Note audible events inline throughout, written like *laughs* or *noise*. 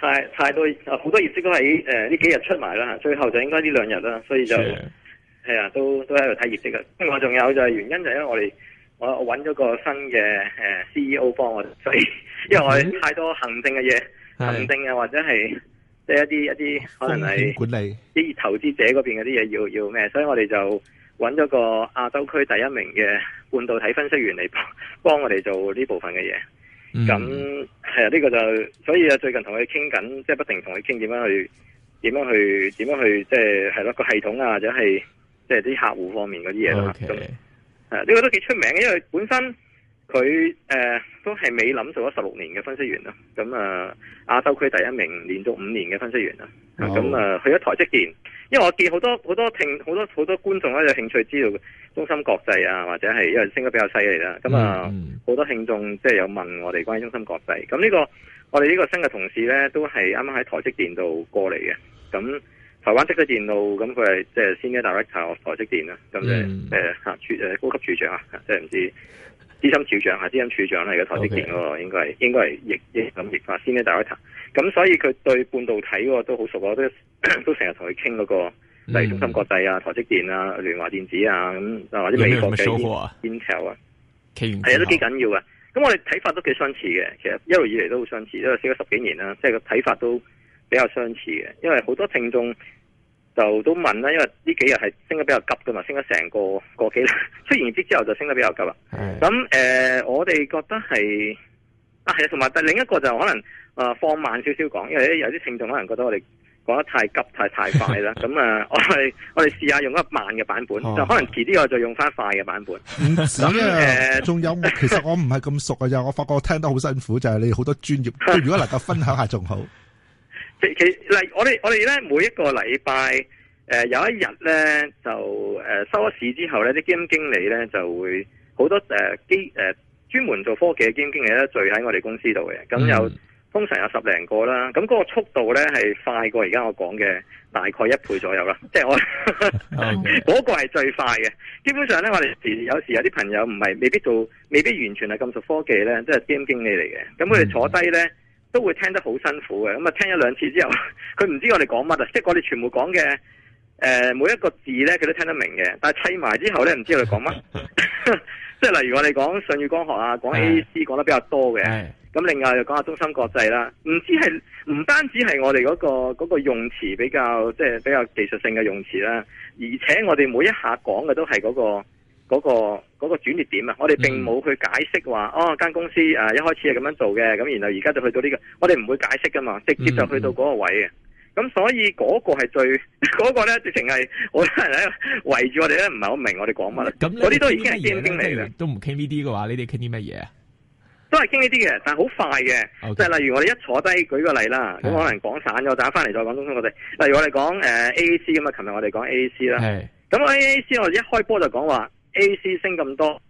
太太多，好多業績都喺誒呢幾日出埋啦，最後就應該呢兩日啦，所以就係啊的，都都喺度睇業績嘅。另外仲有就係原因就係因為我哋我我揾咗個新嘅誒、呃、CEO 幫我，所以因為我哋太多行政嘅嘢，的行政啊或者係即係一啲一啲可能係管理啲投資者嗰邊嗰啲嘢要要咩，所以我哋就揾咗個亞洲區第一名嘅半導體分析員嚟幫我哋做呢部分嘅嘢。咁係、嗯、啊，呢、這個就所以啊，最近同佢傾緊，即係不停同佢傾點樣去，點樣去，點樣去，即係係咯個系統啊，或者係即係啲客戶方面嗰啲嘢啦。咁呢 Okay.、啊這個都幾出名嘅，因為本身佢誒、呃、都係美林做咗十六年嘅分析員啦，咁啊亞洲區第一名，連續五年嘅分析員啦。咁啊、嗯，去咗台積電，因為我見好多好多聽好多好多觀眾咧有興趣知道中芯國際啊，或者係因為升得比較犀利啦。咁啊，好、mm hmm. 多聽眾即係有問我哋關於中芯國際。咁呢、這個我哋呢個新嘅同事咧，都係啱啱喺台積電度過嚟嘅。咁台灣積嘅電路，咁佢係即係 Senior Director 台積電啦。咁即係誒吓處誒、呃、高級處長啊，即係唔知。資深處長啊，資深處長嚟嘅，台積電嗰個 Okay.，應該係應該係逆，咁逆法先咧，大開壇。咁所以佢對半導體嗰個都好熟，我都 *coughs* 都成日同佢傾嗰個，例如中芯國際啊、台積電啊、聯華電子啊，咁啊或者美國嘅 Intel 啊，係啊都幾緊要啊。咁我哋睇法，都幾相似嘅，其實一路以嚟都好相似，因為識咗十幾年啦，即係個睇法都比較相似嘅，因為好多聽眾就都問啦，因為呢幾日係升得比較急㗎嘛，升咗成個個幾日，出完之後就升得比較急啦。咁的、呃、我哋覺得係啊，係啊，同埋另一個就可能、呃、放慢少少講，因為有啲聽眾可能覺得我哋講得，得太急、太太快啦。咁啊、 *laughs* 呃，我我哋試下用一慢嘅版本，哦、就可能遲啲我就用翻快嘅版本。唔止呀，仲有 *laughs* 其實我唔係咁熟啊，就我發覺我聽得好辛苦，就係、是、你好多專業， *laughs* 如果能夠分享下仲好。其實，嗱我哋我哋咧，每一個禮拜，誒、呃、有一日咧就誒、呃、收咗市之後咧，啲基金經理咧就會好多誒基誒專門做科技嘅基金經理咧聚喺我哋公司度嘅，咁有、嗯、通常有十零個啦，咁嗰個速度咧係快過而家我講嘅大概一倍左右啦，即係我嗰個係最快嘅。基本上咧，我哋時有時有啲朋友唔係未必做，未必完全係咁熟科技咧，即係基金經理嚟嘅，咁佢哋坐低咧。嗯都會聽得好辛苦嘅，咁啊聽一兩次之後，佢唔知我哋講乜啊，即係我哋全部講嘅，誒、呃、每一個字咧佢都聽得明嘅，但係砌埋之後咧唔知佢講乜， *laughs* *laughs* 即係例如我哋講舜宇光學啊，講 AAC 講得比較多嘅，咁 *laughs* 另外又講下中芯國際啦，唔知係唔單止係我哋嗰、那個、那個用詞比較即係比較技術性嘅用詞啦，而且我哋每一下講嘅都係嗰、那個。嗰、那個嗰、那個轉捩點啊，我哋並冇去解釋話，嗯、哦間公司誒一開始係咁樣做嘅，咁然後而家就去到呢、這個，我哋唔會解釋噶嘛，直接就去到嗰個位嘅。咁、嗯、所以嗰個係最嗰、那個咧，直情係好多人喺度圍住我哋咧，唔係好明我哋講乜咧。咁嗰啲都已經係戰警嚟都唔傾呢啲嘅話，你哋傾啲乜嘢啊？都係傾呢啲嘅，但係好快嘅，即係 Okay. 例如我哋一坐低舉個例啦，咁 Okay. 可能講散咗，打翻嚟再講東方國際。的例如我哋講誒 A AC, A C 咁啊，琴日我哋講 A A C 啦，咁 A A C 我哋一開波就講話。A. C. 升咁多，誒、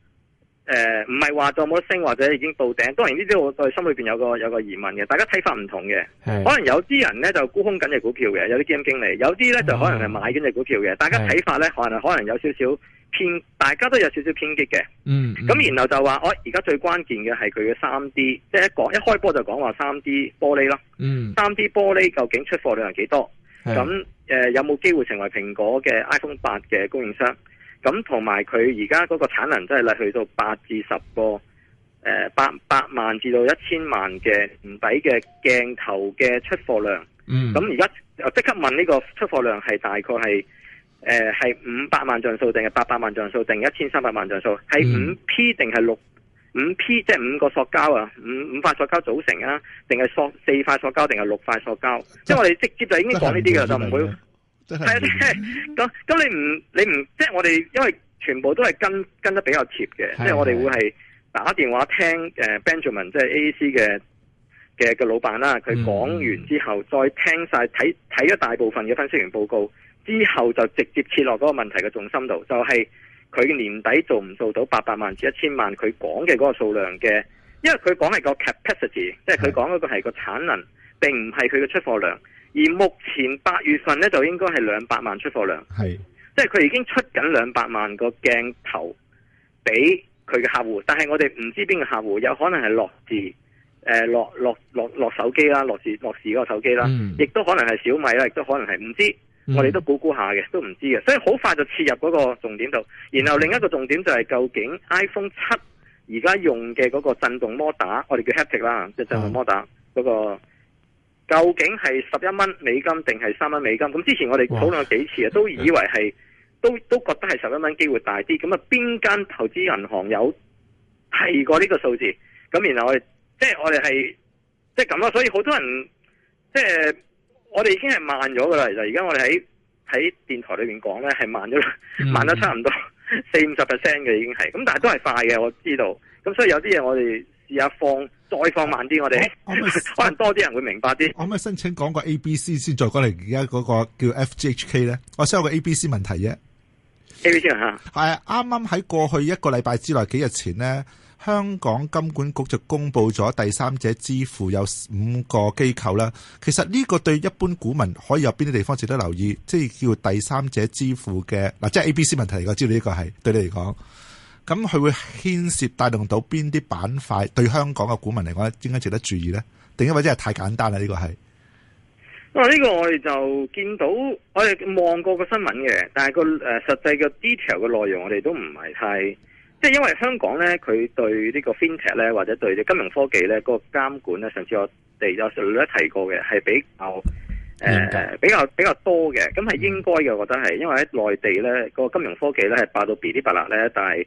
呃，唔係話就冇得升或者已經到頂，當然呢啲我對我心裏邊有個有個疑問嘅，大家睇法唔同嘅，是的 可能有啲人咧就沽空緊嘅股票嘅，有啲基金經理，有啲咧就可能係買緊嘅股票嘅，啊、大家睇法咧可能可能有少少偏，大家都有少少偏激嘅，嗯、嗯，咁、嗯、然後就話，我而家最關鍵嘅係佢嘅三 D，即係一講一開波就講話三 D 玻璃咯，嗯、嗯，三 D 玻璃究竟出貨量係幾多，咁誒是的、呃、有冇機會成為蘋果嘅 iPhone 八嘅供應商？咁同埋佢而家嗰個產能真係嚟去到八至十個，誒八百萬至到一千萬嘅唔抵嘅鏡頭嘅出貨量。咁而家即刻問呢個出貨量係大概係誒係五百萬像素定係八百萬像素定一千三百萬像素？係五 P 定係六五 P？即係五個塑膠啊，五五塊塑膠組成啊？定係塑四塊塑膠定係六塊塑膠？塑膠即係我哋直接就已經講呢啲嘅，就唔會。係啊，咁咁， *laughs* 你唔你唔即係我哋，因為全部都係跟跟得比較貼嘅，即係的我哋會係打電話聽誒 Benjamin，即係 AAC 嘅嘅嘅老闆啦，佢講完之後，嗯、再聽晒睇睇咗大部分嘅分析員報告之後，就直接切落嗰個問題嘅重心度，就係、是、佢年底做唔做到八百萬至一千萬，佢講嘅嗰個數量嘅，因為佢講係個 capacity，即係佢講嗰個係個產能，的並唔係佢嘅出貨量。而目前八月份咧，就應該係兩百萬出貨量，係，即係佢已經出緊兩百萬個鏡頭俾佢嘅客戶，但係我哋唔知邊個客戶，有可能係樂視，誒、呃，落落落落手機啦，樂視樂視嗰個手機啦，亦、嗯、都可能係小米啦，亦都可能係唔知，嗯、我哋都估估下嘅，都唔知嘅，所以好快就切入嗰個重點度，然後另一個重點就係究竟 iPhone 七而家用嘅嗰個震動摩打，我哋叫 Haptic 啦，即係震動摩打嗰個。嗯究竟係十一蚊美金定係三蚊美金？咁之前我哋討論過幾次啊，哇都以為係，都都覺得係十一蚊機會大啲。咁啊，邊間投資銀行有提過呢個數字？咁然後我哋，即係我哋係，即係咁咯。所以好多人，即係我哋已經係慢咗噶啦。其實而家我哋喺喺電台裏面講咧，係慢咗啦，慢咗差唔多四五十 percent 嘅已經係。咁但係都係快嘅，我知道。咁所以有啲嘢我哋。試下放，再放慢啲，我哋可能多啲人，人會明白啲。可唔可以申請講個 A B C 先，再講嚟而家嗰個叫 F G H K 咧？我先有個 A B C 問題啫。A B C 吓係啊！啱啱喺過去一個禮拜之內，幾日前呢，香港金管局就公布咗第三者支付有五個機構啦。其實呢個對一般股民可以有邊啲地方值得留意？即係叫第三者支付嘅嗱，即係 A B C 問題嚟嘅。我知道呢個係對你嚟講。咁佢會牽涉帶動到邊啲板塊？對香港嘅股民嚟講咧，應該值得注意呢？定係或者係太簡單啦？呢個係因為呢個我哋就見到，我哋望過個新聞嘅，但係個、呃、實際嘅 detail 嘅內容我，我哋都唔係太即係因為香港呢，佢對呢個 FinTech 呢，或者對啲金融科技呢、個監管呢上次我哋有時都提過嘅，係比較、呃、害比較比較多嘅，咁係應該嘅，我覺得係，因為喺內地呢、個金融科技呢，係爆到噼哩啪啦呢，但係。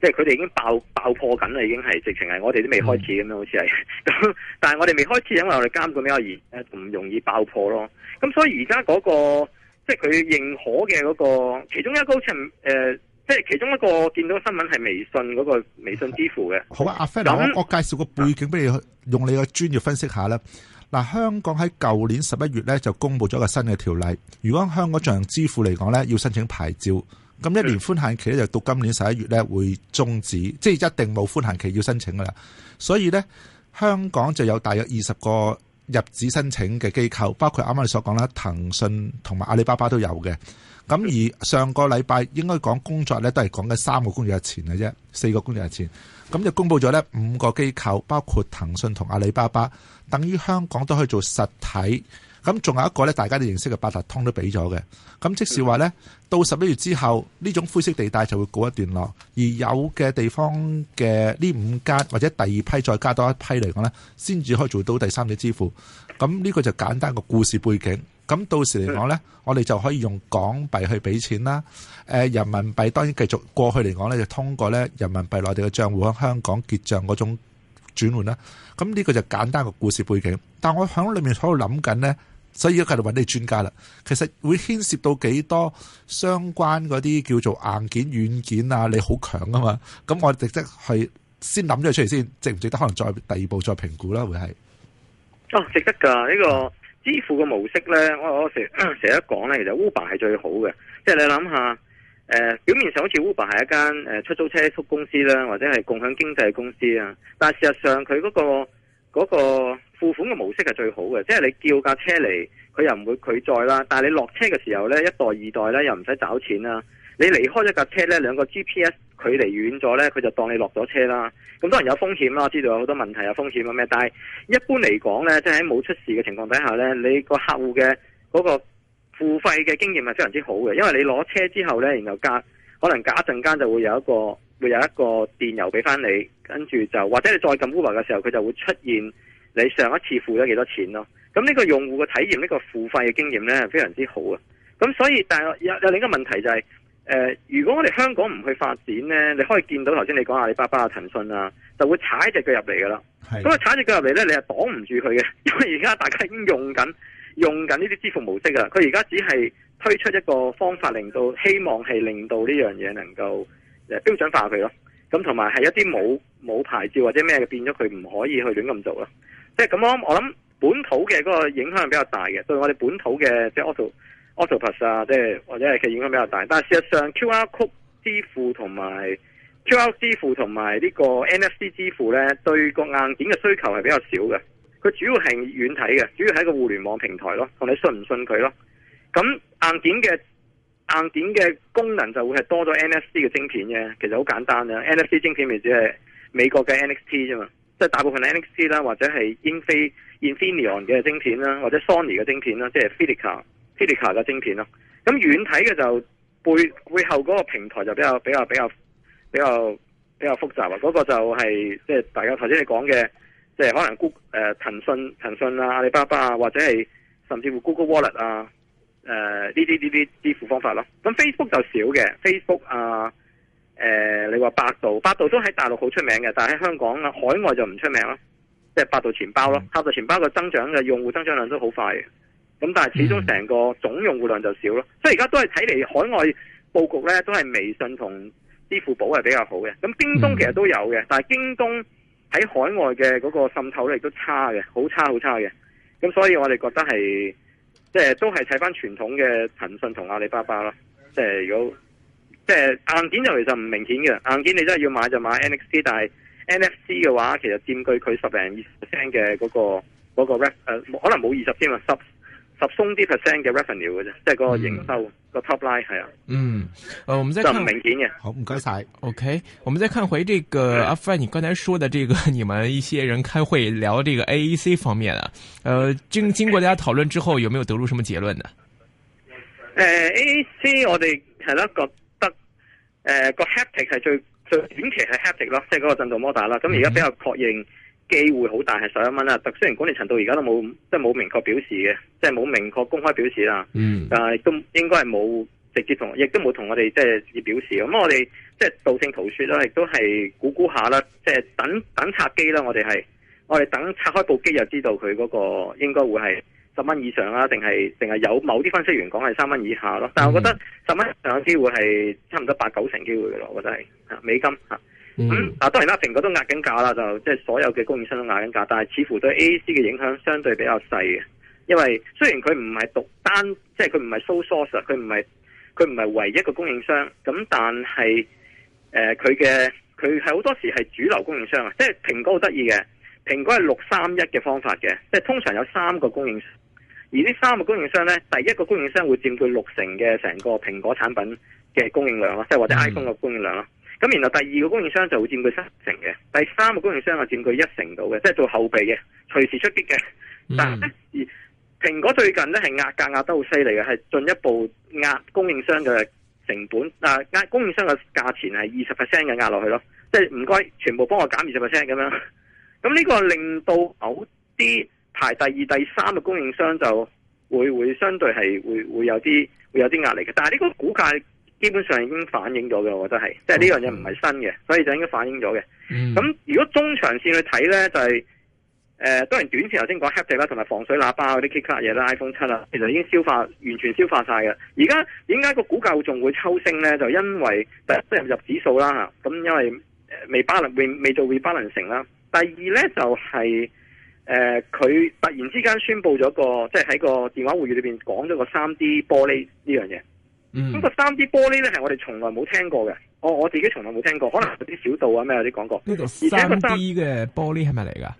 即係佢哋已經爆爆破緊啦，已經係直情係我哋都未開始咁樣，好似係。咁但係我哋未開始，因為我哋監管比較嚴，誒唔容易爆破咯。咁所以而家嗰個即係佢認可嘅嗰、那個，其中一個好似誒，即、呃、係其中一個見到新聞係微信嗰、那個微信支付嘅。好啊那，阿 Fred，嗱那我我介紹個背景俾你，用你嘅專業分析一下啦。嗱，香港喺舊年十一月咧就公布咗個新嘅條例，如果香港進行支付嚟講咧，要申請牌照。咁一年寬限期咧就到今年十一月咧會終止，即係一定冇寬限期要申請噶啦。所以呢，香港就有大約二十個入紙申請嘅機構，包括啱啱你所講啦，騰訊同埋阿里巴巴都有嘅。咁而上個禮拜應該講工作呢，都係講緊三個工作日前嘅啫，四個工作日前。咁就公佈咗呢五個機構，包括騰訊同阿里巴巴，等於香港都可以做實體。咁仲有一個咧，大家都認識嘅八達通都俾咗嘅。咁即使話呢，到十一月之後，呢種灰色地帶就會告一段落，而有嘅地方嘅呢五間或者第二批再加多一批嚟講呢，先至可以做到第三者支付。咁呢個就簡單個故事背景。咁到時嚟講呢，的我哋就可以用港幣去俾錢啦。誒、呃，人民幣當然繼續過去嚟講呢，就通過呢人民幣內地嘅帳戶喺香港結帳嗰種轉換啦。咁呢個就簡單個故事背景。但我喺裏面喺度諗緊呢。所以喺度揾你專家啦，其實會牽涉到幾多相關嗰啲叫做硬件、軟件啊，你好強啊嘛。咁我哋直接去先諗咗出嚟先，值唔值得？可能再第二步再評估啦，會係。哦，值得㗎！呢個支付嘅模式咧，我成成日講咧，其實 Uber 係最好嘅。即係你諗下，誒表面上好似 Uber 係一間誒出租車租公司啦，或者係共享經濟公司啊，但事實上佢嗰個，嗰個付款嘅模式係最好嘅，即係你叫架車嚟，佢又唔會拒載啦。但係你落車嘅時候呢，一代二代呢又唔使找錢啦。你離開一架車呢，兩個 GPS 距離遠咗呢，佢就當你落咗車啦。咁當然有風險啦，我知道有好多問題有風險啊咩？但係一般嚟講呢，即係喺冇出事嘅情況底下呢，你個客戶嘅嗰個付費嘅經驗係非常之好嘅，因為你攞車之後呢，然後隔可能隔一陣間就會有一個。會有一個電郵俾翻你，跟住就或者你再撳 Uber 嘅時候，佢就會出現你上一次付咗幾多錢咯。咁呢個用戶嘅體驗，呢個付費嘅經驗呢，係非常之好啊。咁所以，但係有有另一個問題就係，誒，如果我哋香港唔去發展呢，你可以見到頭先你講阿里巴巴啊、騰訊啊，就會踩隻腳入嚟㗎啦。咁啊的，踩隻腳入嚟呢，你係擋唔住佢嘅，因為而家大家已經用緊用緊呢啲支付模式啦。佢而家只係推出一個方法，令到希望係令到呢樣嘢能夠。誒標準化佢咯，咁同埋係一啲冇冇牌照或者咩變咗佢唔可以去亂咁做咯。即係咁，我諗我諗本土嘅嗰個影響係比較大嘅，對我哋本土嘅即係 AutoPass 啊，即係或者係佢影響比較大。但係事實上 QR code 支付同埋 QR 支付同埋呢個 NFC 支付咧，對個硬件嘅需求係比較少嘅。佢主要係軟體嘅，主要係一個互聯網平台咯，同你信唔信佢咯。咁硬件嘅。硬件嘅功能就會係多咗 NFC 嘅晶片嘅，其實好簡單啦。啊、NFC 晶片咪即係美國嘅 NXT 啫嘛，即、就、係、是、大部分 NXT 啦，或者係 Infineon In 嘅晶片啦，或者 Sony 嘅晶片啦，即係 Felica Felica 嘅晶片咯。咁軟件嘅就背背後嗰個平台就比較比較比較比較比較複雜啦。嗰、那個就係即係大家頭先你講嘅，即、就、係、是、可能 Google 誒、呃、騰訊、騰訊啊、阿里巴巴啊，或者係甚至乎 Google Wallet 啊。誒呢啲呢啲支付方法咯，咁 Facebook 就少嘅，Facebook 啊、呃、誒、呃、你話百度，百度都喺大陸好出名嘅，但係喺香港啊海外就唔出名咯，即係百度錢包咯，百度錢包嘅增長嘅用戶增長量都好快嘅，咁但係始終成個總用戶量就少咯，即、嗯、哼、所以而家都係睇嚟海外佈局呢，都係微信同支付寶係比較好嘅，咁京東其實都有嘅，但係京東喺海外嘅嗰個滲透力都差嘅，好差好差嘅，咁所以我哋覺得係。即係都係睇翻傳統嘅騰訊同阿里巴巴啦，即係如果即係硬件就其實唔明顯嘅，硬件你真係要買就買 NFC，但係 NFC 嘅話其實佔據佢十零二 percent 嘅個個 rap 誒可能冇二十添啊十。Sub. 十鬆啲 percent 嘅 revenue 嘅啫，即係個營收個 top line 係啊。嗯，誒、呃，我唔再看就唔明顯嘅。好，唔該晒。OK，我們再看回這個阿 Fred 你剛才說的這個你們一些人開會聊這個 AAC 方面啊，誒、呃，經經過大家討論之後，有沒有得出什麼結論呢？誒、呃、，AAC 我哋係啦，覺得誒、呃、個 haptic 係最最短期係 haptic 咯，即係嗰個震動摩打啦。咁而家比較確認。機會好大，係十一蚊啦。特雖然管理層到而家都冇，即係冇明確表示嘅，即係冇明確公開表示啦。嗯，但係都應該係冇直接同，亦都冇同我哋即係表示。咁我哋即係道聽途說啦，亦、嗯、都係估估下啦，即係等等拆機啦。我哋係我哋等拆開部機，就知道佢嗰個應該會係十蚊以上啦，定係定係有某啲分析員講係三蚊以下咯。但係我覺得十蚊以上嘅機會係差唔多八九成機會嘅咯，我覺得係美金吓。咁啊、嗯，當然啦，蘋果都壓緊價啦，就即係所有嘅供應商都壓緊價，但係似乎對 AAC 嘅影響相對比較細嘅，因為雖然佢唔係獨單，即係佢唔係 sole source，佢唔係佢唔係唯一個供應商，咁但係誒佢嘅佢係好多時係主流供應商啊，即係蘋果好得意嘅，蘋果係六三一嘅方法嘅，即係通常有三個供應商，而呢三個供應商咧，第一個供應商會佔據六成嘅成個蘋果產品嘅供應量咯，即係或者 iPhone 嘅供應量咯。咁，然後第二個供應商就會佔佢三成嘅，第三個供應商啊佔佢一成度嘅，即係做後備嘅，隨時出擊嘅。嗯、但係咧，而蘋果最近咧係壓價壓得好犀利嘅，係進一步壓供應商嘅成本，啊、呃、壓供應商嘅價錢係二十 percent 嘅壓落去咯，即係唔該全部幫我減二十 percent 咁樣。咁呢個令到某啲排第二、第三嘅供應商就會會相對係會會有啲會有啲壓力嘅，但係呢個股價。基本上已經反映咗嘅，我覺得係，即係呢樣嘢唔係新嘅，所以就應該反映咗嘅。咁、嗯、如果中長線去睇呢，就係、是、誒、呃，當然短期頭先講 haptic 啦，同埋防水喇叭嗰啲 kit 卡嘢啦，iPhone 七啦，7，其實已經消化完全消化晒嘅。而家點解個股價仲會抽升呢？就因為第一，進入指數啦嚇，咁因為未 balance 未做 rebalancing 啦。第二呢就係、是、誒，佢、呃、突然之間宣布咗個，即係喺個電話會議裏邊講咗個三 D 玻璃呢樣嘢。咁、嗯、個三 D 玻璃咧，係我哋從來冇聽過嘅，我、哦、我自己從來冇聽過，可能有啲小道啊咩有啲講過。而家個三 D 嘅玻璃係咪嚟噶？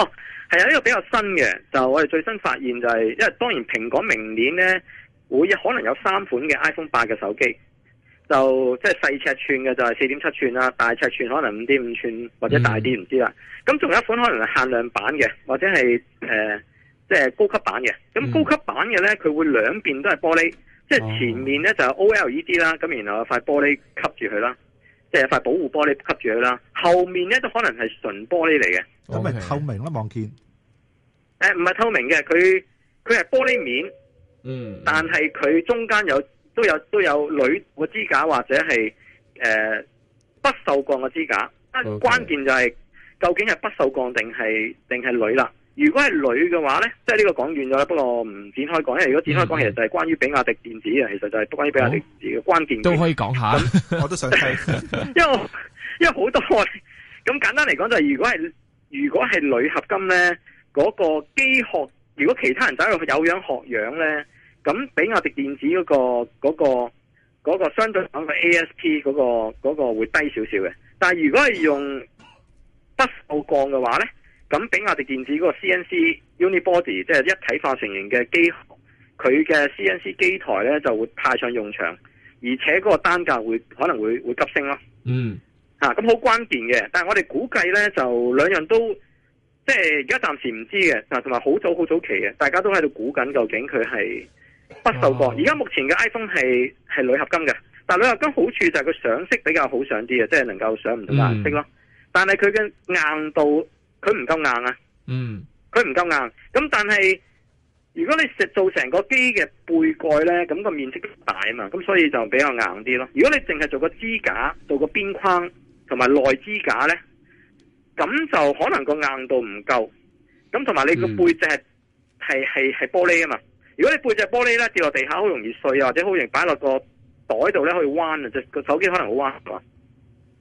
哦，係啊，呢個比較新嘅，就我哋最新發現就係、是，因為當然蘋果明年咧會可能有三款嘅 iPhone 八嘅手機，就即係細尺寸嘅就係四點七寸啦，大尺寸可能五點五寸或者大啲唔、嗯、知啦。咁仲有一款可能係限量版嘅，或者係誒即係高級版嘅。咁高級版嘅咧，佢會兩邊都係玻璃。即係前面咧就有 OLED 啦，咁然後有塊玻璃吸住佢啦，即係塊保護玻璃吸住佢啦。後面咧都可能係純玻璃嚟嘅，咁咪 Okay. 透明咯，望見。誒，唔係透明嘅，佢佢係玻璃面，嗯，但係佢中間有都有都有鋁個支架或者係誒、呃、不銹鋼嘅支架。Okay. 關鍵就係、是、究竟係不銹鋼定係定係鋁啦。還是還是如果係鋁嘅話呢，即係呢個講完咗啦。不過唔展開講，因為如果展開講，其實就係關於比亞迪電子嘅，嗯、其實就係關於比亞迪電子嘅關鍵。哦、那都可以講下，那我都想聽 *laughs* 因為因為好多，咁簡單嚟講就係、是，如果係如果係鋁合金呢，嗰、那個機殼，如果其他人走入有樣學樣呢，咁比亞迪電子嗰、那個嗰、那個嗰、那個相對上、那個 A S P 嗰個嗰個會低少少嘅。但係如果係用不銹鋼嘅話呢咁比亞迪電子嗰個 CNC Uni Body 即係一體化成型嘅機，佢嘅 CNC 機台咧就會派上用場，而且嗰個單價會可能會會急升咯。嗯，吓咁好關鍵嘅，但係我哋估計咧就兩樣都即係而家暫時唔知嘅嗱，同埋好早好早期嘅，大家都喺度估緊究竟佢係不銹鋼，而家、哦、目前嘅 iPhone 係係鋁合金嘅，但係鋁合金好處就係佢上色比較好上啲嘅，即、就、係、是、能夠上唔同顏色咯，嗯、但係佢嘅硬度。佢唔夠硬啊！嗯，佢唔夠硬。咁但係如果你食做成個機嘅背蓋咧，咁、個面積大啊嘛，咁所以就比較硬啲咯。如果你淨係做個支架、做個邊框同埋內支架咧，咁就可能個硬度唔夠。咁同埋你個背脊係係係玻璃啊嘛。如果你背脊玻璃咧跌落地下好容易碎啊，或者好容易擺落個袋度咧可以彎啊，就個手機可能好彎係嘛。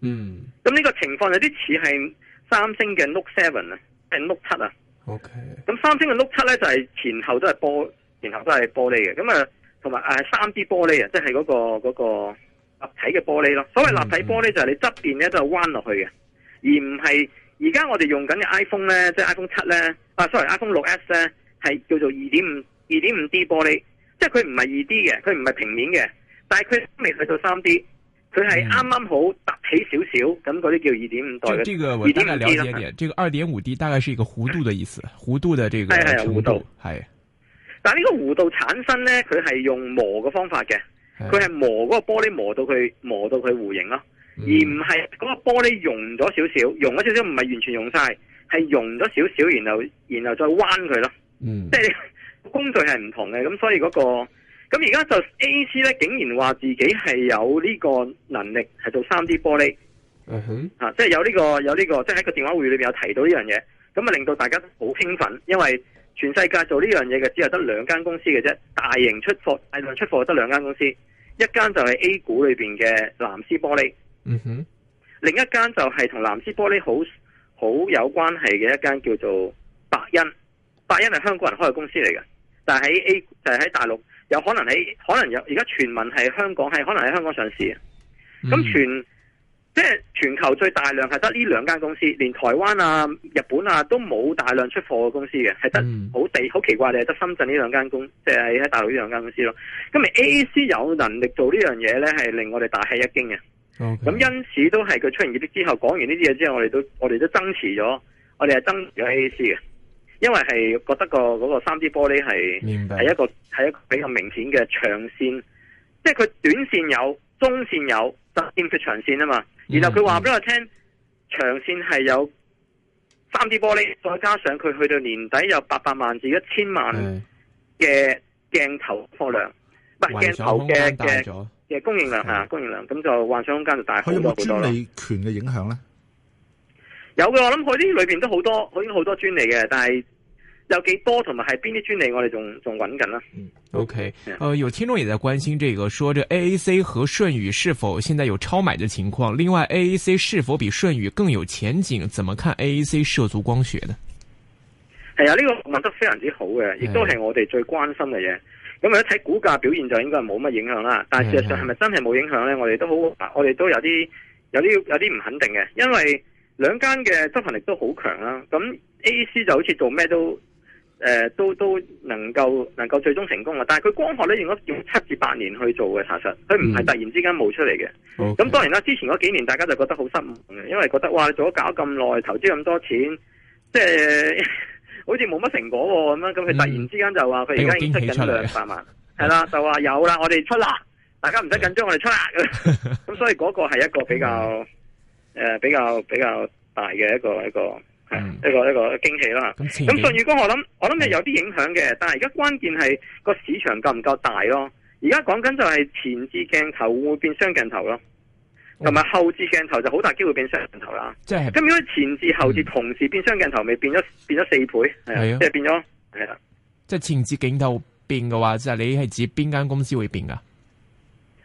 嗯。咁呢個情況有啲似係三星嘅 Note Seven 啊，定 Note 七啊，OK。咁三星嘅 Note 七咧就係前後都係玻，前後都係玻璃嘅。咁啊，同埋誒三 D 玻璃啊，即係嗰個嗰個立體嘅玻璃咯。所謂立體玻璃就係你側邊咧都係彎落去嘅，而唔係而家我哋用緊嘅 iPhone 咧，即係 iPhone 七咧，啊，sorry iPhone 六 S 咧係叫做二點五二點五 D 玻璃，即係佢唔係二 D 嘅，佢唔係平面嘅，但係佢未去到三 D。佢係啱啱好凸起少少，咁嗰啲叫二點五代嘅。就這個我大概了解一點，2 2. 嗯、這個二點五 D 大概是一個弧度的意思，嗯、弧度的這個度的弧度。係的。但係呢個弧度產生咧，佢係用磨嘅方法嘅，佢係的磨嗰個玻璃磨到佢磨到佢弧形咯，嗯、而唔係嗰個玻璃溶咗少少，溶咗少少唔係完全溶晒，係溶咗少少，然後然後再彎佢咯。嗯。即係工序係唔同嘅，咁所以嗰、那個。咁而家就 AAC 咧，竟然話自己係有呢個能力係做三 D 玻璃，嗯哼、uh huh. 啊，即係有呢個有呢個，即係喺個電話會裏邊有提到呢樣嘢，咁啊令到大家都好興奮，因為全世界做呢樣嘢嘅只有得兩間公司嘅啫，大型出貨大量出貨得兩間公司，一間就係 A 股裏邊嘅藍斯玻璃，嗯哼、uh，huh. 另一間就係同藍斯玻璃好好有關係嘅一間叫做百恩。百恩係香港人開嘅公司嚟嘅，但係喺 A 就係喺大陸。有可能你可能有而家全民係香港係可能喺香港上市嘅，咁、嗯、全即係、就是、全球最大量係得呢兩間公司，連台灣啊、日本啊都冇大量出貨嘅公司嘅，係得好地，好、嗯、奇怪你係得深圳呢兩間公，即係喺大陸呢兩間公司咯。咁 A A C 有能力做呢樣嘢咧，係令我哋大吃一驚嘅。咁 Okay. 因此都係佢出完業績之後，講完呢啲嘢之後，我哋都我哋都增持咗，我哋係增持 A A C 嘅。因為係覺得那個嗰個三 D 玻璃係係一個係白一個比較明顯嘅長線，即係佢短線有，中線有，但欠缺長線啊嘛。嗯、然後佢話俾我聽，嗯、長線係有三 D 玻璃，再加上佢去到年底有八百萬至一千萬嘅鏡頭貨量，唔係、嗯、是鏡頭嘅嘅嘅供應量吓，供應量，咁就幻想空間就大咗好多啦。佢有冇專利權嘅影響咧，有嘅，我諗佢啲裏邊都好多，已經好多專利嘅，但係。有幾多，同埋係邊啲專利我，我哋仲仲揾緊啦。OK，誒、呃，有聽眾也在關心這個，說這 AAC 和舜宇是否現在有超買的情況？另外，AAC 是否比舜宇更有前景？怎麼看 AAC 涉足光學呢？係啊，呢、呢個問得非常之好嘅，亦都係我哋最關心嘅嘢。咁、哎、呀一睇股價表現就應該冇乜影響啦。哎、呀但事實上係咪真係冇影響呢？我哋都好，我哋都有啲有啲有啲唔肯定嘅，因為兩間嘅執行力都好強啦。咁 AAC 就好似做咩都。誒、呃，都都能夠能夠最終成功嘅，但係佢光學呢，用咗用七至八年去做嘅。查實，佢唔係突然之間冒出嚟嘅。咁、嗯、當然啦，之前嗰幾年大家就覺得好失望嘅，因為覺得哇，你做咗搞咁耐，投資咁多錢，即係、呃、好似冇乜成果咁樣。咁佢突然之間就話佢而家已經出緊兩百萬，係啦， *laughs* 就話有啦，我哋出啦，大家唔使緊張，我哋出啦。咁 *laughs* 所以嗰個係一個比較誒、呃、比較比較大嘅一個一個。一個嗯、一個一個驚喜啦。咁舜宇哥，我諗我諗係有啲影響嘅。嗯、但係而家關鍵係個市場夠唔夠大咯？而家講緊就係前置鏡頭會變雙鏡頭咯，同埋後置鏡頭就好大機會變雙鏡頭啦。即係咁如果前置後置同時變雙鏡頭，咪、嗯、變咗變咗四倍？係啊，啊即係變咗係啦。即係、啊、前置鏡頭變嘅話，就你係指邊間公司會變噶？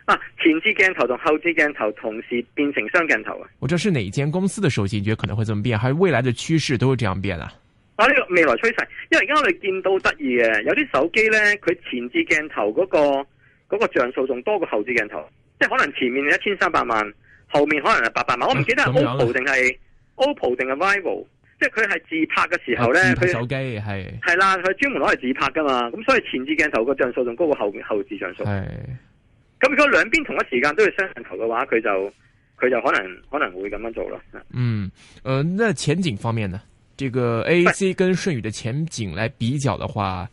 啊、前置鏡頭同後置鏡頭同時變成雙鏡頭啊！我知係哪間公司的手機，你覺得可能會這麼變，還是未來的趨勢都會這樣變啊？啊、呢、這個未來趨勢，因為而家我哋見到得意嘅，有啲手機呢佢前置鏡頭嗰、那個嗰、那個像素仲多過後置鏡頭，即係可能前面一千三百萬，後面可能係八百萬，啊、我唔記得係 OPPO 定係 OPPO 定係 VIVO，即係佢係自拍嘅時候咧，佢、啊、手機係係它是啦，佢專門攞嚟自拍噶嘛，咁所以前置鏡頭個像素仲高過後後置像素。咁如果兩邊同一時間都要雙頭嘅話，佢就佢就可能可能會咁樣做咯。嗯，誒、呃，那前景方面呢？這個 A A C 跟舜宇嘅前景來比較的話，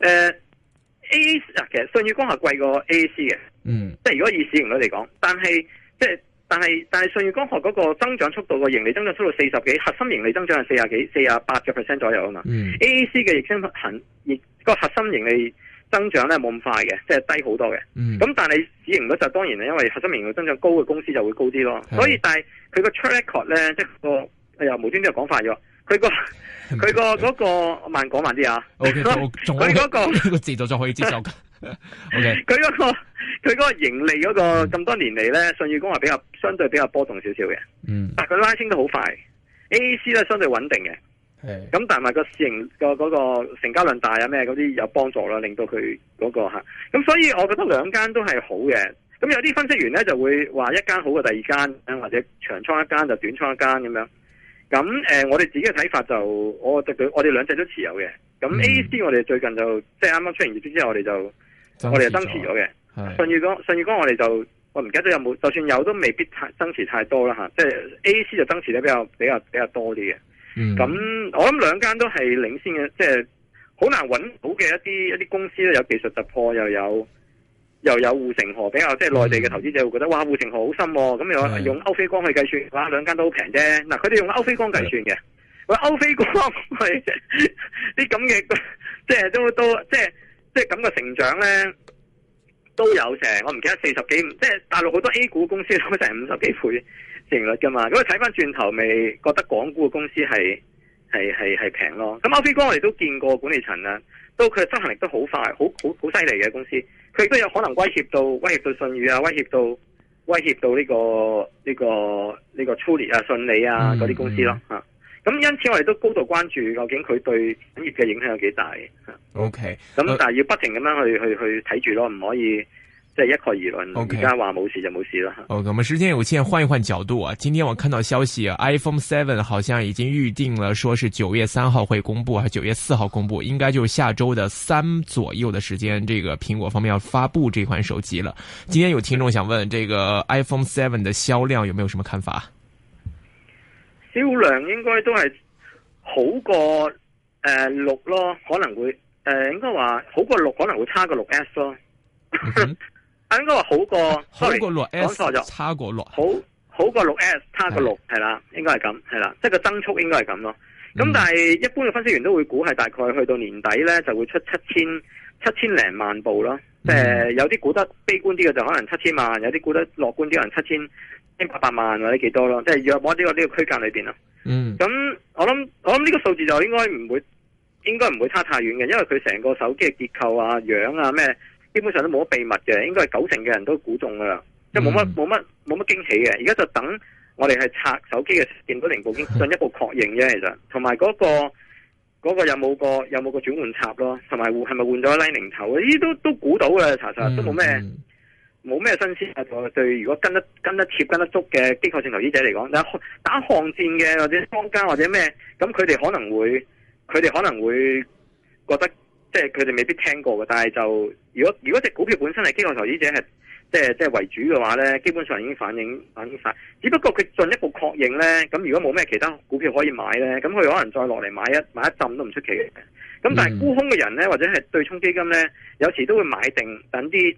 誒、呃、A A C 其實舜宇光學貴過 A A C 嘅。嗯。即係如果以市盈率嚟講，但係即係但係但係舜宇光學嗰個增長速度個盈利增長速度四十幾，核心盈利增長係四十幾四十八嘅 percent 左右啊嘛。嗯。A A C 嘅亦都行，亦、那個核心盈利。增長咧冇咁快嘅，即係低好多嘅。咁、嗯、但係你市盈率就當然因為核心盈利增長高嘅公司就會高啲咯。的所以但係佢、嗰個 track 咧，即、哎、係、嗰個哎呀無端端就講快咗。佢個佢嗰個慢講慢啲啊。佢個佢嗰個字就可以接受嘅。OK，佢嗰個佢、 *laughs* 嗰個、盈利嗰、嗰個咁、嗯、多年嚟咧，舜宇工係比較相對比較波動少少嘅。嗯，但佢拉升都好快，AAC 咧相對穩定嘅。咁、嗯、但係個市成個嗰、那個成交量大啊咩嗰啲有幫助啦，令到佢嗰、那個吓咁，所以我覺得兩間都係好嘅。咁有啲分析員咧就會話一間好過第二間，或者長倉一間就短倉一間咁樣。咁誒、呃，我哋自己嘅睇法就，我我哋兩隻都持有嘅。咁 A C 我哋最近就、嗯、即係啱啱出完業績之後我，我哋就我哋就增持咗嘅。舜宇光，舜宇光我哋就我唔記得咗有冇，就算有都未必太增持太多啦吓。即、啊、係、就是、A C 就增持得比較比較比較多啲嘅。咁、嗯、我諗兩間都係領先嘅，即係好難搵到嘅一啲一啲公司咧，有技術突破又有又有護城河，比較即係、就是、內地嘅投資者會覺得、嗯、哇，護城河好深、哦，咁又用歐菲光去計算，是的 哇，兩間都好平啫。嗱，佢哋用歐菲光計算嘅，我是的 歐菲光係啲咁嘅，即係都都即係即係咁嘅成長咧，都有成我唔記得四十幾，即係大陸好多 A 股公司都成五十幾倍，定律噶嘛，咁你睇翻轉頭咪覺得港股嘅公司係係係係平咯。咁歐菲光我哋都見過管理層啊，都佢執行力都好快，好好好犀利嘅公司，佢亦都有可能威脅到威脅到舜宇啊，威脅到威脅到呢個呢個呢個粗利啊、信利啊嗰啲公司咯吓。咁因此我哋都高度關注究竟佢對產業嘅影響有幾大吓。O K. 咁但係要不停咁樣去去去睇住咯，唔可以。即係一概而論，而家話冇事就冇事啦。ok 我們時間有限，換一換角度啊！今天我看到消息、啊、iPhone Seven 好像已經預定了，說是九月三號會公布，還是九月四號公布？應該就下周的三左右的時間，這個蘋果方面要發布這款手機了。今天有聽眾想問，這個 iPhone Seven 的銷量有沒有什麼看法？銷量應該都係好過誒六、呃、咯，可能會誒、呃、應該話好過六，可能會差過六 S 咯。嗯應該話好過，好過六 S，差過六，好好過六 S，差過六係啦，應該係咁係啦，即係個增速應該係咁咯。咁、嗯、但係一般嘅分析員都會估係大概去到年底咧就會出七千七千零萬部咯，即係、嗯、有啲估得悲觀啲嘅就可能七千萬，有啲估得樂觀啲可能七千千八百萬或者幾多咯，即係約我呢個呢個區間裏邊，嗯，咁我諗我諗呢個數字就應該唔會，應該唔會差太遠嘅，因為佢成個手機嘅結構啊、樣啊咩。什麼基本上都冇乜秘密嘅，應該係九成嘅人都估中噶啦，即係冇乜冇乜冇乜驚喜嘅。而家就等我哋係拆手機嘅見到零部件進一步確認啫，其實同埋嗰個嗰個有冇個有冇個轉換插咯，同埋係係咪換咗 Lightning 頭？呢都都估到喇。查實都冇咩冇咩新鮮。對如果跟得跟得貼跟得足嘅機構性投資者嚟講，打打巷戰嘅或者莊家或者咩，咁佢哋可能會佢哋可能會覺得。即係佢哋未必聽過嘅，但係就如果如果隻股票本身係機構投資者係即係即係為主嘅話呢，基本上已經反映反映晒。只不過佢進一步確認呢，咁如果冇咩其他股票可以買呢，咁佢可能再落嚟買一買一浸都唔出奇嘅。咁但係沽空嘅人呢，或者係對沖基金呢，有時都會買定等啲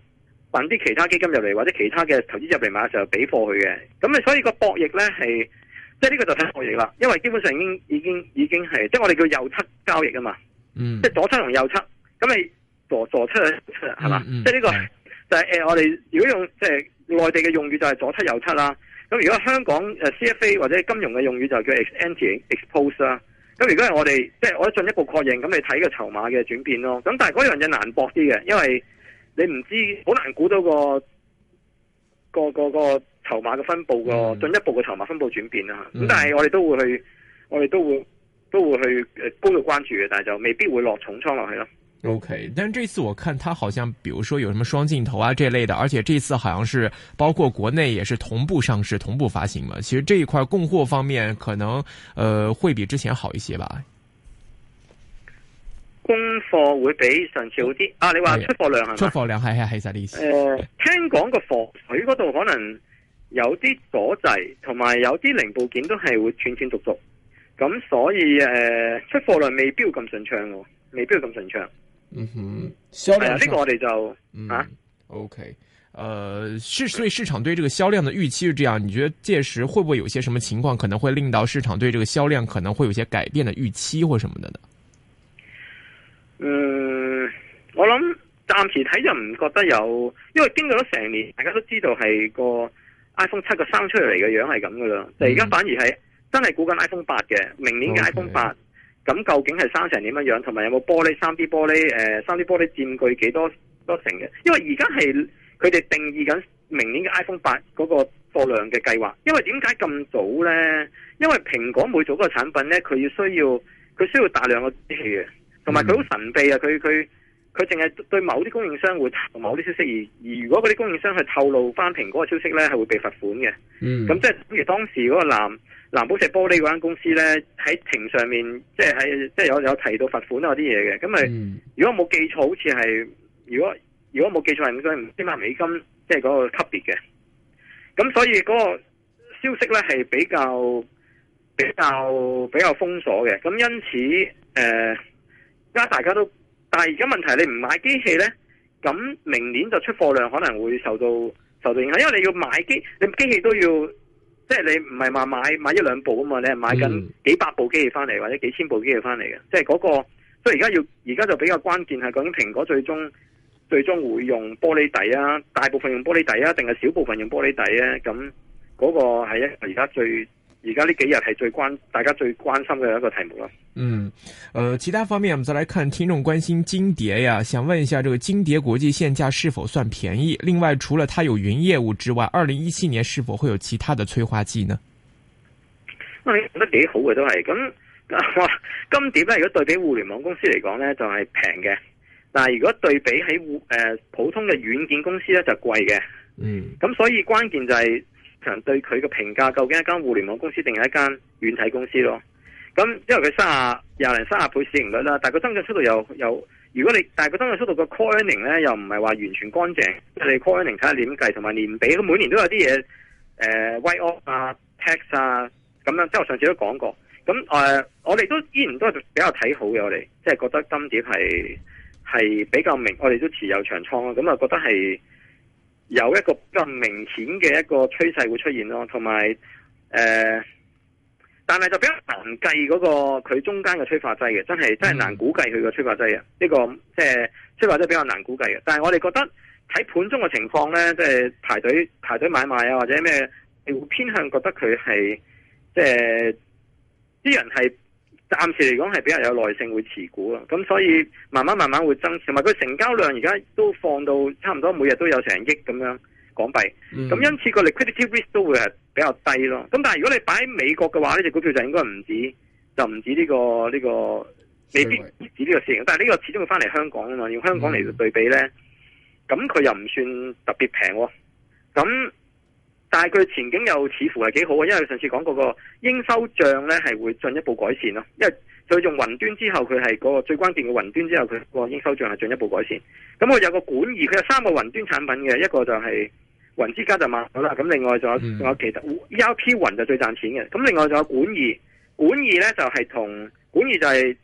等啲其他基金入嚟，或者其他嘅投資入嚟買嘅時候俾貨佢嘅。咁所以個博弈呢，係即係呢個就睇博弈啦。因為基本上已經已經已經係即係我哋叫右側交易啊嘛。嗯，即係左側同右側，咁你左左側係嘛？是嗯嗯、即係、這、呢個就係、是、誒，我哋、呃、如果用即係內地嘅用語，就係左側右側啦。咁如果香港誒 CFA 或者金融嘅用語就叫 ex ante expose 啦。咁如果係我哋即係我哋進一步確認，咁你睇個籌碼嘅轉變咯。咁但係嗰樣嘢難博啲嘅，因為你唔知好難估到個個個個籌碼嘅分布、嗯、個進一步嘅籌碼分布轉變啦。咁但係我哋都會去，我哋都會。都會去誒高度關注嘅，但係就未必會落重倉落去咯。O、okay, K，但係這次我看，它好像，比如說有什麼雙鏡頭啊這類的，而且這次好像是包括國內也是同步上市，同步發行嘛。其實這一塊供貨方面可能，誒、呃、會比之前好一些吧。供貨會比上次好啲啊？你話出貨量係嘛？出貨量係係係就呢意思。誒、呃，對聽講個貨佢嗰度可能有啲阻滯，同埋有啲零部件都係會斷斷續續。咁所以誒、呃，出貨量未必咁順暢咯，未必咁順暢。嗯哼，銷量呢個我哋就、嗯、啊，OK，誒、呃，市對市場對這個銷量的預期是這樣，你覺得屆時會不會有些什麼情況，可能會令到市場對這個銷量可能會有些改變的預期或者什麼的呢？嗯，我諗暫時睇就唔覺得有，因為經過咗成年，大家都知道係個 iPhone 七個生出嚟嘅樣係咁噶啦，但係而家反而係、嗯。真係估緊 iPhone 八嘅，明年嘅 iPhone 八，咁究竟係生成點樣樣，同埋有冇玻璃三 D 玻璃？誒、呃，三 D 玻璃佔據幾多少多成嘅？因為而家係佢哋定義緊明年嘅 iPhone 八嗰個貨量嘅計劃。因為點解咁早呢？因為蘋果每做一個產品呢，佢要需要佢需要大量嘅機器同埋佢好神秘啊！佢佢、嗯。佢淨係對某啲供應商會投某啲消息，而而如果嗰啲供應商去透露翻蘋果嘅消息咧，係會被罰款嘅。咁即係，譬如當時嗰個藍藍寶石玻璃嗰間公司咧，喺庭上面即係喺即係有、即係、有提到罰款啊啲嘢嘅。咁咪、即係嗯、如果冇記錯，好似係如果如果冇記錯係五千萬美金，即係嗰個級別嘅。咁所以嗰個消息咧係比較比較比較封鎖嘅。咁因此誒，呃、而家大家都。但係而家問題，你唔買機器呢，咁明年就出貨量可能會受到受到影響，因為你要買機，你機器都要即係、就是、你唔係話買買一兩部啊嘛，你係買緊幾百部機器翻嚟或者幾千部機器翻嚟嘅，即係嗰個。所以而家要而家就比較關鍵係究竟蘋果最終最終會用玻璃底啊，大部分用玻璃底啊，定係少部分用玻璃底咧，啊？咁嗰個係一而家最。而家呢幾日係最關大家最關心嘅一個題目啦。嗯，誒、呃，其他方面，我們再來看聽眾關心金蝶呀，想問一下，這個金蝶國際現價是否算便宜？另外，除了它有雲業務之外，二零一七年是否會有其他的催化劑呢？誒，得幾好嘅都係。咁金蝶咧，如果對比互聯網公司嚟講咧，就係平嘅。但係如果對比喺誒普通嘅軟件公司咧，就貴嘅。嗯。咁所以關鍵就係，場對佢嘅評價，究竟是一間互聯網公司定係一間軟體公司咯？咁因為佢三廿廿零、三十倍市盈率啦，但係個增長速度又又，如果你但係個增長速度個 core earning 咧，又唔係話完全乾淨，即係 core earning 睇下點計，同埋年比佢每年都有啲嘢誒，write、呃、off 啊、tax 啊咁樣，即係我上次都講過。咁誒、呃，我哋都依然都係比較睇好嘅，我哋即係覺得金點係係比較明，我哋都持有長倉咯，咁啊覺得係。有一個更明顯嘅一個趨勢會出現咯，同埋誒，但係就比較難計嗰個佢中間嘅催化劑嘅，真係真係難估計佢個催化劑嘅，呢個即係催化劑比較難估計嘅。但係我哋覺得睇盤中嘅情況咧，即係排隊排隊買賣啊，或者咩，你會偏向覺得佢係即係啲人係。暫時嚟講係比較有耐性會持股咯，咁所以慢慢慢慢會增，同埋佢成交量而家都放到差唔多每日都有成億咁樣港幣，咁、嗯、因此個 liquidity risk 都會係比較低咯。咁但係如果你擺喺美國嘅話呢隻、呢個、股票就應該唔止，就唔止呢、呢個呢、呢個未必止呢個事情。但係呢個始終會翻嚟香港啊嘛，用香港嚟做對比咧，咁佢又唔算特別平，咁。但係佢前景又似乎係幾好嘅，因為上次講嗰個應收賬咧係會進一步改善咯。因為佢用雲端之後，佢係嗰個最關鍵嘅雲端之後，佢個應收賬係進一步改善。咁我有一個管二，佢有三個雲端產品嘅，一個就係雲之家就慢咗啦。咁另外仲有其他 ERP 雲就最賺錢嘅。咁另外仲有管二，管二咧就係同管二就係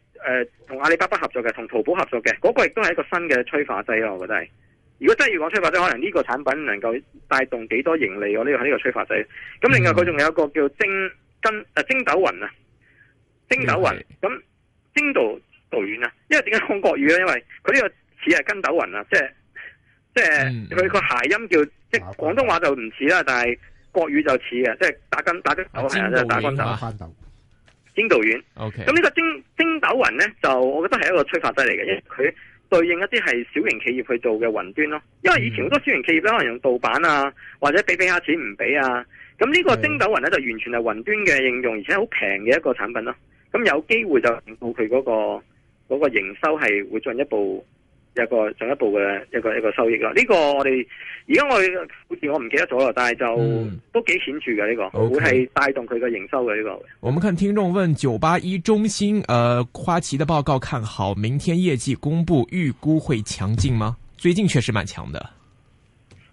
誒同阿里巴巴合作嘅，同淘寶合作嘅，嗰個亦都係一個新嘅催化劑咯，我覺得係。如果真係要講催化劑，可能呢個產品能夠帶動幾多盈利？我、這、呢個係呢個催化劑。咁另外佢仲、嗯、有一個叫蒸筋啊蒸斗雲啊蒸斗雲，咁蒸斗斗丸啊，因為點解講國語咧？因為佢呢個似係筋斗雲啊，即係即係佢個諧音叫，嗯、即係廣東話就唔似啦，但係國語就似嘅，即係打筋打筋斗係啊，即係、啊啊、真打筋斗。蒸斗丸。O Okay . K。咁呢個蒸蒸斗雲咧，就我覺得係一個催化劑嚟嘅，因為佢。對應一啲係小型企業去做嘅雲端咯，因為以前好多小型企業都可能用盜版啊，或者俾俾下錢唔俾啊。咁呢個釘斗雲咧就完全係雲端嘅應用，而且好平嘅一個產品咯。咁有機會就令到佢嗰個嗰、嗰個營收係會進一步。一個進一步嘅一個一個收益啦，呢、這個我哋而家我好似我唔記得咗啦，但係就、嗯、都幾顯著嘅呢、這個，Okay. 會係帶動佢嘅營收嘅呢、這個。我們看聽眾問九八一中心，誒、呃，花旗的報告看好明天業績公布，預估會強勁嗎？最近確實蠻強的。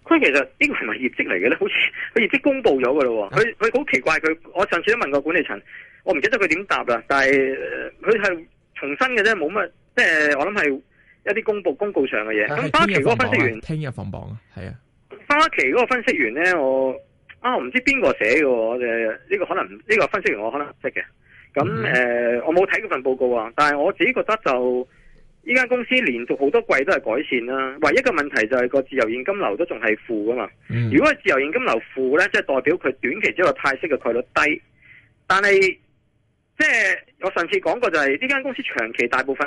佢其實呢、這個唔係業績嚟嘅咧，好似佢業績公布咗嘅咯，佢佢好奇怪，佢我上次都問過管理層，我唔記得佢點答啦，但係佢係重申嘅啫，冇乜即係我諗係。一啲公布公告上嘅嘢，咁花旗嗰個分析員聽日放榜啊，係啊，花旗嗰個分析員咧，我啊、哦、我唔知邊個寫嘅，誒呢、這個可能呢、這個分析員我可能識嘅，咁誒、嗯呃、我冇睇嗰份報告啊，但係我自己覺得就呢間公司連續好多季都係改善啦、啊，唯一嘅問題就係、是、個自由現金流都仲係負噶嘛，嗯、如果係自由現金流負咧，即係代表佢短期之內派息嘅概率低，但係即係我上次講過就係呢間公司長期大部分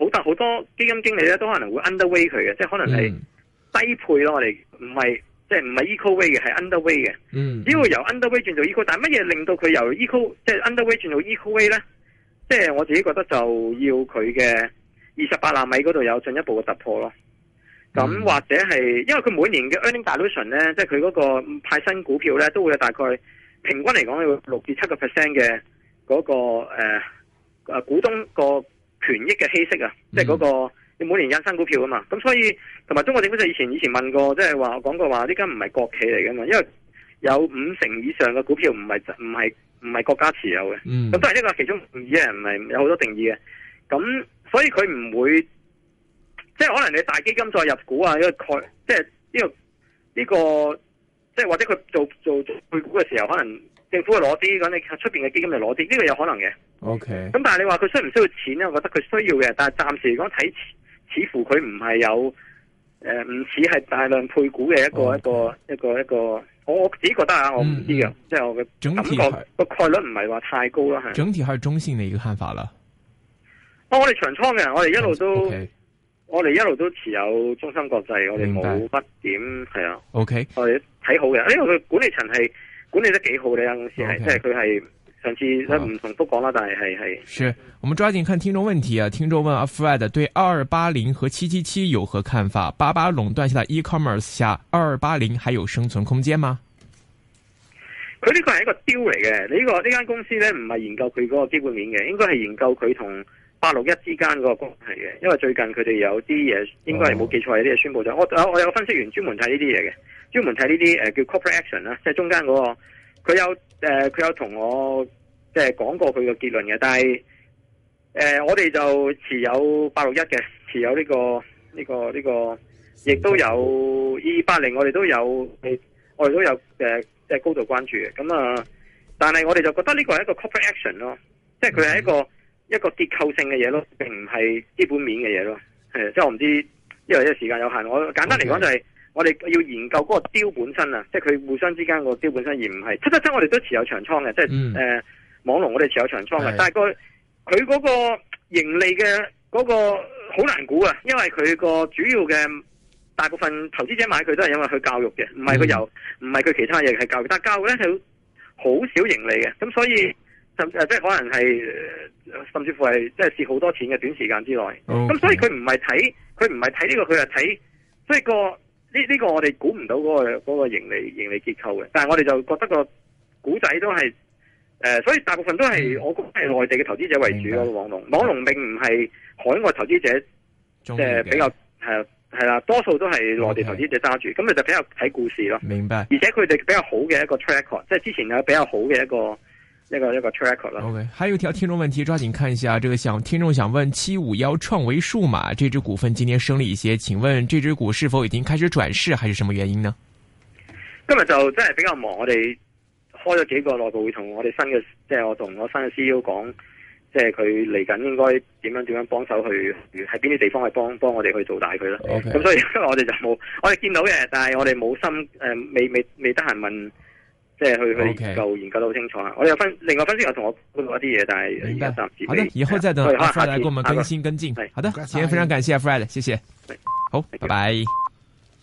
好多，好多基金經理咧都可能會 underweight 佢嘅，即可能係低配咯。Mm. 我哋唔係即唔係 equal weight 嘅，係 underweight 嘅。嗯，呢個由 underweight 轉做 equal weight，但係乜嘢令到佢由 equal weight 即 underweight 轉做 equal weight 咧？即、就是、我自己覺得就要佢嘅二十八納米嗰度有進一步嘅突破咯。咁、mm. 或者係因為佢每年嘅 earning dilution 咧，即佢嗰個派新股票咧，都會有大概平均嚟講有六至七、那個 percent 嘅嗰個誒誒股東個權益嘅稀釋啊，即係嗰個你每年引申股票啊嘛，咁所以同埋中國政府就以前以前問過，即係話我講過話呢間唔係國企嚟嘅嘛，因為有五成以上嘅股票唔係唔係唔係國家持有嘅，咁、嗯、都係一個其中而家唔係有好多定義嘅，咁所以佢唔會即係可能你大基金再入股啊，因為概即係呢個呢、呢個即係或者佢做做，做配股嘅時候可能。政府係攞啲，咁你出邊嘅基金就攞啲，呢、這個有可能嘅。O K. 咁但係你話佢需唔需要錢咧？我覺得佢需要嘅，但係暫時嚟講睇，似乎佢唔係有誒，唔似係大量配股嘅一個 Okay. 一個一個一個。我我自己覺得啊，我唔知嘅，即係我嘅感覺個概率唔係話太高咯，係。整體係中性嘅一個看法啦。我我哋長倉嘅，我哋一路都、okay. 我哋一路都持有中芯國際，我哋冇乜點係啊。O K. 我哋睇好嘅，因為佢管理層係。管理得幾好咧，呢間公司係，即係佢係上次唔重複講啦，oh. 但係係係。我們抓緊看聽眾問題啊！聽眾問阿、啊、Fred 對二二八零和七七七有何看法？八八壟斷下 e-commerce 下，二二八零還有生存空間嗎？佢呢個係一個 deal 嚟嘅，呢、這個呢間公司呢，唔係研究佢嗰個基本面嘅，應該係研究佢同八六一之間嗰個關係嘅，因為最近佢哋有啲嘢，oh. 應該係冇記錯有啲嘢宣布咗。我我我有個分析員專門睇呢啲嘢嘅。專門睇呢啲叫 corporate action 啦，即係中間嗰、那個，佢有誒佢、呃、有同我即係講過佢個結論嘅，但係誒、呃、我哋就持有八六一嘅，持有呢個呢個呢個，亦、這個這個、都有二八零，我哋都有，我哋都有、呃、即係高度關注嘅。咁啊、呃，但係我哋就覺得呢個係一個 corporate action 咯，即係佢係一個、mm hmm. 一個結構性嘅嘢咯，並唔係基本面嘅嘢咯。即係我唔知，因為即係時間有限，我簡單嚟講就係、是。Okay. 我哋要研究嗰個雕本身啊，即係佢互相之間個雕本身而唔係，七七七我哋都持有長倉嘅，即係誒、嗯呃、網龍我哋持有長倉嘅，的但係個佢嗰個盈利嘅嗰個好難估啊，因為佢個主要嘅大部分投資者買佢都係因為佢教育嘅，唔係佢油，唔係佢其他嘢，係教育，但係教育咧係好少盈利嘅，咁所以甚至即係可能係甚至乎係即係蝕好多錢嘅短時間之內，咁 Okay. 所以佢唔係睇佢唔係睇呢個，佢係睇即係個。呢呢個我哋估唔到嗰、那個嗰、那個盈利盈利結構嘅，但係我哋就覺得個古仔都係誒、呃，所以大部分都係白我估係內地嘅投資者為主咯。網龍白網龍並唔係海外投資者，即係、呃、比較係係啦，多數都係內地投資者揸住，咁佢 okay, 就比較睇故事咯。明白，而且佢哋比較好嘅一個 track record，即係之前有比較好嘅一個。一個一個 track record 咯。OK，還有一條聽眾問題，抓緊看一下。這個想聽眾想問，七五幺創維數碼這支股份今天升了一些，請問這支股是否已經開始轉勢，還是什麼原因呢？今日就真係比較忙，我哋開咗幾個內部會，同我哋新嘅，即係我同我新嘅 CEO 講，即係佢嚟緊應該點樣點樣幫手去，喺邊啲地方去幫幫我哋去做大佢啦。咁 Okay. 所以我哋就冇，我哋見到嘅，但係我哋冇心誒，未未未得閒問。即係去去研究、okay. 研究得好清楚啦。我哋有分另外分析，有同我一啲嘢，但係而家暫時。好的，以後再等阿 Fred 嚟，給我們更新跟進。好的，先非常感謝阿 Fred，謝謝。謝謝謝謝好，拜拜。